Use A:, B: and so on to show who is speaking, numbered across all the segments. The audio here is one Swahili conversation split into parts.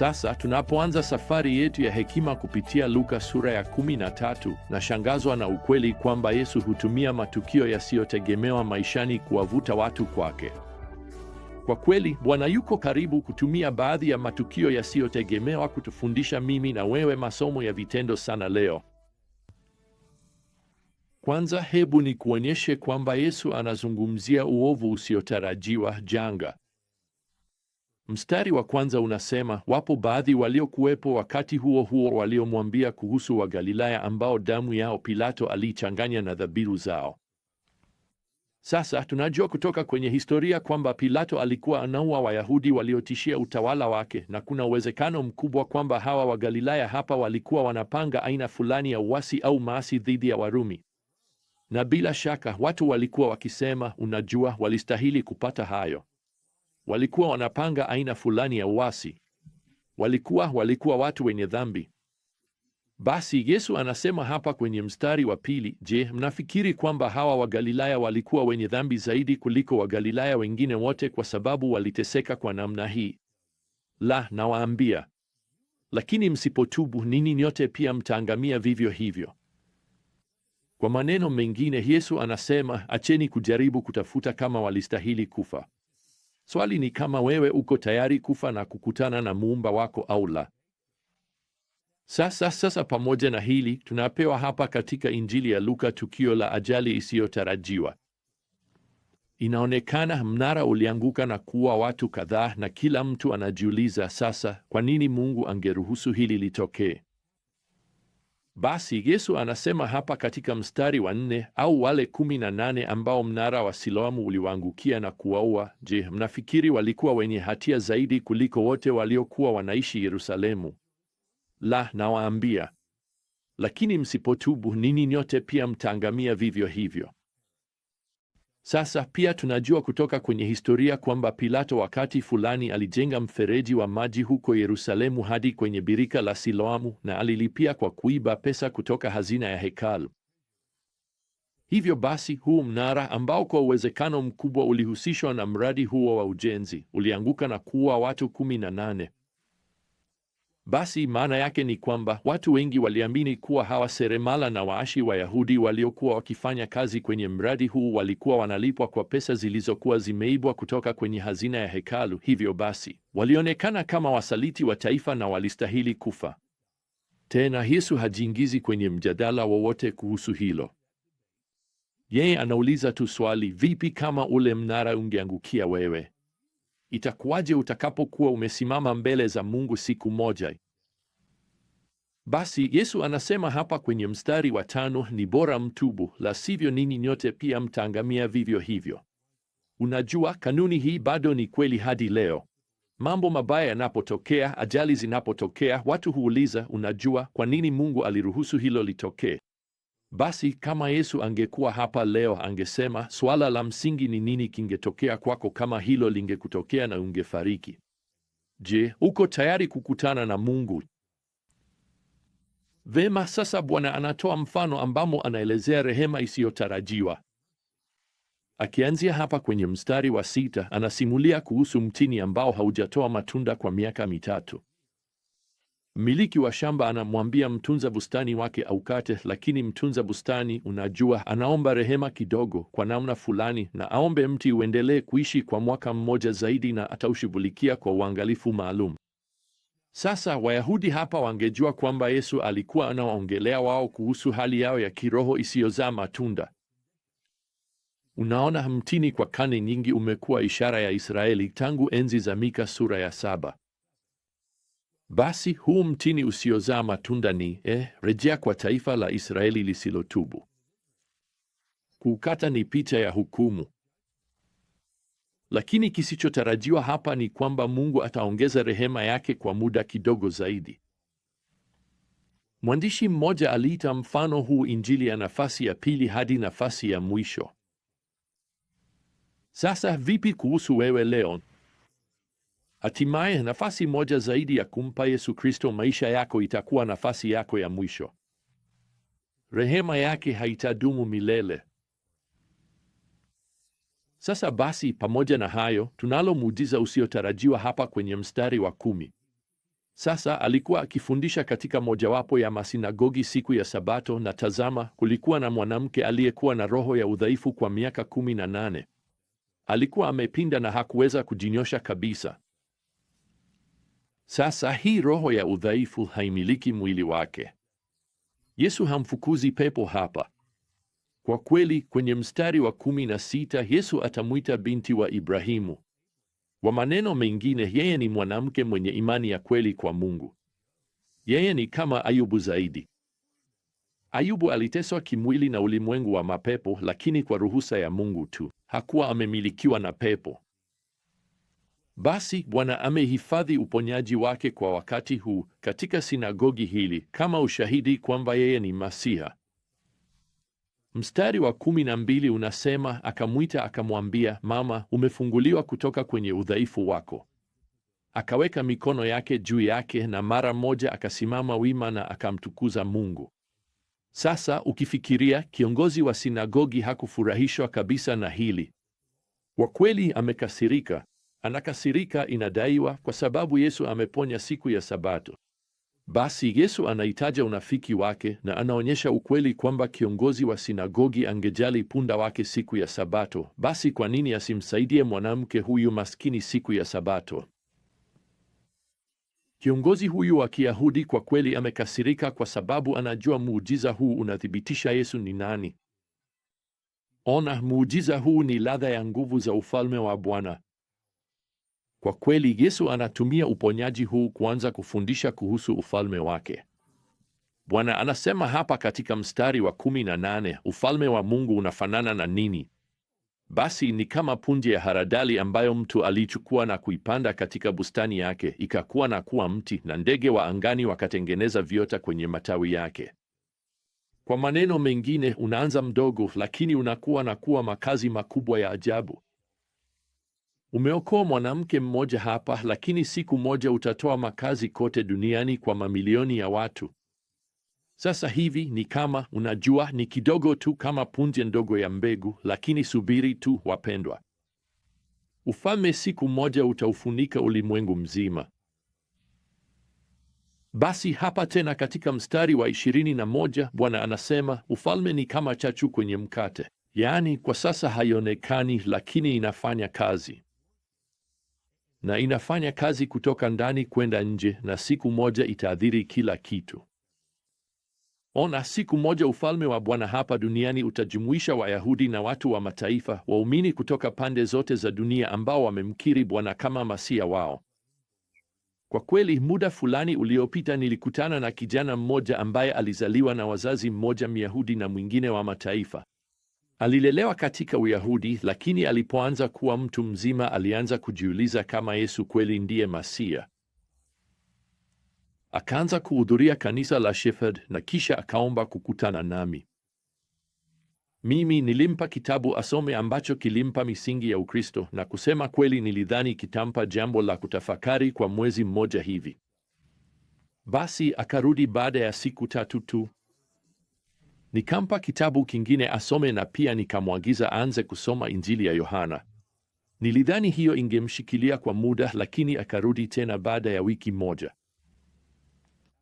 A: Sasa tunapoanza safari yetu ya hekima kupitia Luka sura ya 13, nashangazwa na ukweli kwamba Yesu hutumia matukio yasiyotegemewa maishani kuwavuta watu kwake. Kwa kweli, Bwana yuko karibu kutumia baadhi ya matukio yasiyotegemewa kutufundisha mimi na wewe masomo ya vitendo sana leo. Kwanza, hebu nikuonyeshe kwamba Yesu anazungumzia uovu usiotarajiwa, janga Mstari wa kwanza unasema, wapo baadhi waliokuwepo wakati huo huo waliomwambia kuhusu Wagalilaya ambao damu yao Pilato aliichanganya na dhabihu zao. Sasa tunajua kutoka kwenye historia kwamba Pilato alikuwa anaua Wayahudi waliotishia utawala wake, na kuna uwezekano mkubwa kwamba hawa Wagalilaya hapa walikuwa wanapanga aina fulani ya uasi au maasi dhidi ya Warumi, na bila shaka watu walikuwa wakisema, unajua, walistahili kupata hayo walikuwa wanapanga aina fulani ya uasi. Walikuwa walikuwa watu wenye dhambi. Basi Yesu anasema hapa kwenye mstari wa pili, je, mnafikiri kwamba hawa Wagalilaya walikuwa wenye dhambi zaidi kuliko Wagalilaya wengine wote kwa sababu waliteseka kwa namna hii? La, nawaambia. Lakini msipotubu ninyi nyote pia mtaangamia vivyo hivyo. Kwa maneno mengine, Yesu anasema, acheni kujaribu kutafuta kama walistahili kufa. Swali ni kama wewe uko tayari kufa na kukutana na muumba wako au la. Sasa sasa, pamoja na hili, tunapewa hapa katika Injili ya Luka tukio la ajali isiyotarajiwa. Inaonekana mnara ulianguka na kuua watu kadhaa, na kila mtu anajiuliza sasa, kwa nini Mungu angeruhusu hili litokee? Basi Yesu anasema hapa katika mstari wa nne, au wale kumi na nane ambao mnara wa Siloamu uliwaangukia na kuwaua, je, mnafikiri walikuwa wenye hatia zaidi kuliko wote waliokuwa wanaishi Yerusalemu? La, nawaambia. Lakini msipotubu ninyi nyote pia mtaangamia vivyo hivyo. Sasa pia tunajua kutoka kwenye historia kwamba Pilato wakati fulani alijenga mfereji wa maji huko Yerusalemu hadi kwenye birika la Siloamu na alilipia kwa kuiba pesa kutoka hazina ya hekalu. Hivyo basi, huu mnara ambao kwa uwezekano mkubwa ulihusishwa na mradi huo wa ujenzi ulianguka na kuua watu basi maana yake ni kwamba watu wengi waliamini kuwa hawa seremala na waashi Wayahudi waliokuwa wakifanya kazi kwenye mradi huu walikuwa wanalipwa kwa pesa zilizokuwa zimeibwa kutoka kwenye hazina ya hekalu. Hivyo basi walionekana kama wasaliti wa taifa na walistahili kufa. Tena Yesu hajiingizi kwenye mjadala wowote kuhusu hilo. Yeye anauliza tu swali, vipi kama ule mnara ungeangukia wewe? Itakuwaje utakapokuwa umesimama mbele za Mungu siku moja? Basi Yesu anasema hapa kwenye mstari wa tano, ni bora mtubu, la sivyo ninyi nyote pia mtaangamia vivyo hivyo. Unajua, kanuni hii bado ni kweli hadi leo. Mambo mabaya yanapotokea, ajali zinapotokea, watu huuliza, unajua, kwa nini Mungu aliruhusu hilo litokee? Basi kama Yesu angekuwa hapa leo, angesema swala la msingi ni nini kingetokea kwako kama hilo lingekutokea na ungefariki? Je, uko tayari kukutana na Mungu? Vema, sasa Bwana anatoa mfano ambamo anaelezea rehema isiyotarajiwa. Akianzia hapa kwenye mstari wa sita, anasimulia kuhusu mtini ambao haujatoa matunda kwa miaka mitatu. Mmiliki wa shamba anamwambia mtunza bustani wake aukate, lakini mtunza bustani, unajua, anaomba rehema kidogo kwa namna fulani, na aombe mti uendelee kuishi kwa mwaka mmoja zaidi, na ataushughulikia kwa uangalifu maalum. Sasa Wayahudi hapa wangejua kwamba Yesu alikuwa anawaongelea wao kuhusu hali yao ya kiroho isiyozaa matunda. Unaona, mtini kwa kane nyingi umekuwa ishara ya Israeli tangu enzi za Mika sura ya saba. Basi huu mtini usiozaa matunda ni eh, rejea kwa taifa la Israeli lisilotubu. Kuukata ni picha ya hukumu. Lakini kisichotarajiwa hapa ni kwamba Mungu ataongeza rehema yake kwa muda kidogo zaidi. Mwandishi mmoja aliita mfano huu Injili ya nafasi ya pili hadi nafasi ya mwisho. Sasa vipi kuhusu wewe leo? Hatimaye, nafasi moja zaidi ya kumpa Yesu Kristo maisha yako itakuwa nafasi yako ya mwisho. Rehema yake haitadumu milele. Sasa basi, pamoja na hayo, tunalo muujiza usiotarajiwa hapa kwenye mstari wa kumi. Sasa alikuwa akifundisha katika mojawapo ya masinagogi siku ya Sabato, na tazama, kulikuwa na mwanamke aliyekuwa na roho ya udhaifu kwa miaka kumi na nane. Alikuwa amepinda na hakuweza kujinyosha kabisa. Sasa hii roho ya udhaifu haimiliki mwili wake. Yesu hamfukuzi pepo hapa. Kwa kweli, kwenye mstari wa kumi na sita Yesu atamwita binti wa Ibrahimu. Kwa maneno mengine, yeye ni mwanamke mwenye imani ya kweli kwa Mungu. Yeye ni kama Ayubu zaidi. Ayubu aliteswa kimwili na ulimwengu wa mapepo, lakini kwa ruhusa ya Mungu tu. Hakuwa amemilikiwa na pepo. Basi Bwana amehifadhi uponyaji wake kwa wakati huu katika sinagogi hili kama ushahidi kwamba yeye ni Masiha. Mstari wa kumi na mbili unasema, akamwita akamwambia, Mama, umefunguliwa kutoka kwenye udhaifu wako. Akaweka mikono yake juu yake na mara moja akasimama wima na akamtukuza Mungu. Sasa ukifikiria, kiongozi wa sinagogi hakufurahishwa kabisa na hili. Kwa kweli amekasirika anakasirika inadaiwa kwa sababu Yesu ameponya siku ya Sabato. Basi Yesu anaitaja unafiki wake na anaonyesha ukweli kwamba kiongozi wa sinagogi angejali punda wake siku ya Sabato, basi kwa nini asimsaidie mwanamke huyu maskini siku ya Sabato? Kiongozi huyu wa Kiyahudi kwa kweli amekasirika kwa sababu anajua muujiza huu unathibitisha Yesu ni nani. Ona, muujiza huu ni ladha ya nguvu za ufalme wa Bwana. Kwa kweli, Yesu anatumia uponyaji huu kuanza kufundisha kuhusu ufalme wake. Bwana anasema hapa katika mstari wa kumi na nane, ufalme wa Mungu unafanana na nini? Basi ni kama punje ya haradali ambayo mtu aliichukua na kuipanda katika bustani yake, ikakuwa na kuwa mti, na ndege wa angani wakatengeneza viota kwenye matawi yake. Kwa maneno mengine, unaanza mdogo, lakini unakuwa na kuwa makazi makubwa ya ajabu. Umeokoa mwanamke mmoja hapa, lakini siku moja utatoa makazi kote duniani kwa mamilioni ya watu. Sasa hivi ni kama unajua, ni kidogo tu, kama punje ndogo ya mbegu, lakini subiri tu, wapendwa. Ufalme siku moja utaufunika ulimwengu mzima. Basi hapa tena katika mstari wa 21 Bwana anasema ufalme ni kama chachu kwenye mkate, yaani kwa sasa haionekani, lakini inafanya kazi na inafanya kazi kutoka ndani kwenda nje, na siku moja itaathiri kila kitu. Ona, siku moja ufalme wa Bwana hapa duniani utajumuisha Wayahudi na watu wa mataifa, waumini kutoka pande zote za dunia ambao wamemkiri Bwana kama masia wao. Kwa kweli, muda fulani uliopita nilikutana na kijana mmoja ambaye alizaliwa na wazazi mmoja Myahudi na mwingine wa mataifa. Alilelewa katika Uyahudi, lakini alipoanza kuwa mtu mzima alianza kujiuliza kama Yesu kweli ndiye Masia. Akaanza kuhudhuria kanisa la Shepherd na kisha akaomba kukutana nami. Mimi nilimpa kitabu asome ambacho kilimpa misingi ya Ukristo na kusema kweli, nilidhani kitampa jambo la kutafakari kwa mwezi mmoja hivi. Basi akarudi baada ya siku tatu tu. Nikampa kitabu kingine asome na pia nikamwagiza aanze kusoma Injili ya Yohana. Nilidhani hiyo ingemshikilia kwa muda, lakini akarudi tena baada ya wiki moja.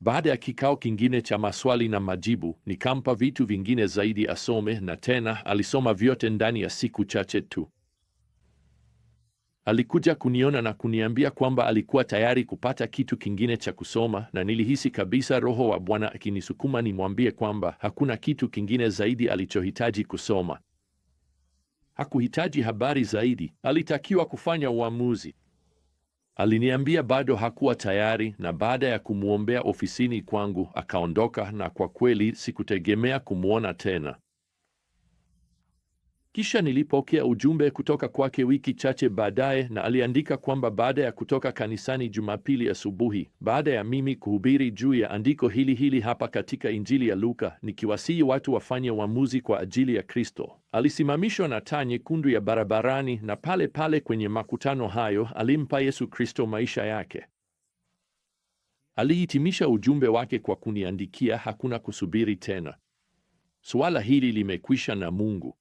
A: Baada ya kikao kingine cha maswali na majibu, nikampa vitu vingine zaidi asome, na tena alisoma vyote ndani ya siku chache tu. Alikuja kuniona na kuniambia kwamba alikuwa tayari kupata kitu kingine cha kusoma, na nilihisi kabisa Roho wa Bwana akinisukuma nimwambie kwamba hakuna kitu kingine zaidi alichohitaji kusoma. Hakuhitaji habari zaidi, alitakiwa kufanya uamuzi. Aliniambia bado hakuwa tayari, na baada ya kumwombea ofisini kwangu akaondoka, na kwa kweli sikutegemea kumwona tena. Kisha nilipokea ujumbe kutoka kwake wiki chache baadaye, na aliandika kwamba baada ya kutoka kanisani Jumapili asubuhi, baada ya mimi kuhubiri juu ya andiko hili hili hapa katika Injili ya Luka, nikiwasihi watu wafanye uamuzi kwa ajili ya Kristo, alisimamishwa na taa nyekundu ya barabarani, na pale pale kwenye makutano hayo alimpa Yesu Kristo maisha yake. Alihitimisha ujumbe wake kwa kuniandikia, hakuna kusubiri tena, suala hili limekwisha na Mungu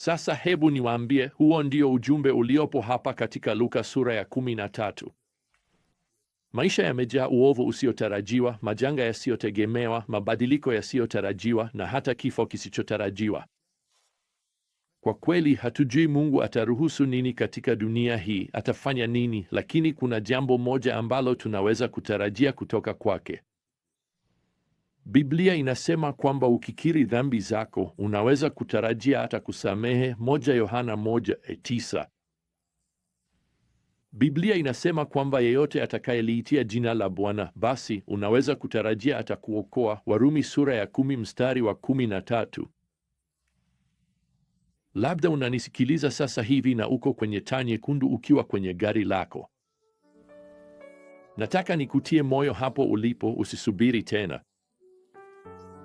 A: sasa hebu niwaambie, huo ndio ujumbe uliopo hapa katika Luka sura ya 13. Maisha yamejaa uovu usiotarajiwa, majanga yasiyotegemewa, mabadiliko yasiyotarajiwa na hata kifo kisichotarajiwa. Kwa kweli hatujui Mungu ataruhusu nini katika dunia hii, atafanya nini, lakini kuna jambo moja ambalo tunaweza kutarajia kutoka kwake. Biblia inasema kwamba ukikiri dhambi zako unaweza kutarajia hata kusamehe, moja Yohana moja e tisa. Biblia inasema kwamba yeyote atakayeliitia jina la Bwana basi unaweza kutarajia atakuokoa, Warumi sura ya kumi mstari wa kumi na tatu. Labda unanisikiliza sasa hivi na uko kwenye taa nyekundu ukiwa kwenye gari lako. Nataka nikutie moyo hapo ulipo, usisubiri tena.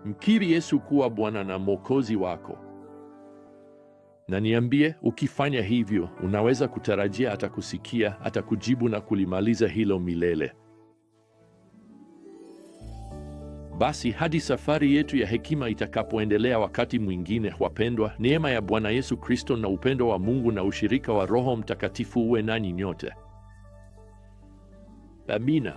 A: Mkiri Yesu kuwa Bwana na Mwokozi wako. Na niambie, ukifanya hivyo, unaweza kutarajia atakusikia, atakujibu na kulimaliza hilo milele. Basi hadi safari yetu ya hekima itakapoendelea wakati mwingine, wapendwa, neema ya Bwana Yesu Kristo na upendo wa Mungu na ushirika wa Roho Mtakatifu uwe nanyi nyote. Amina.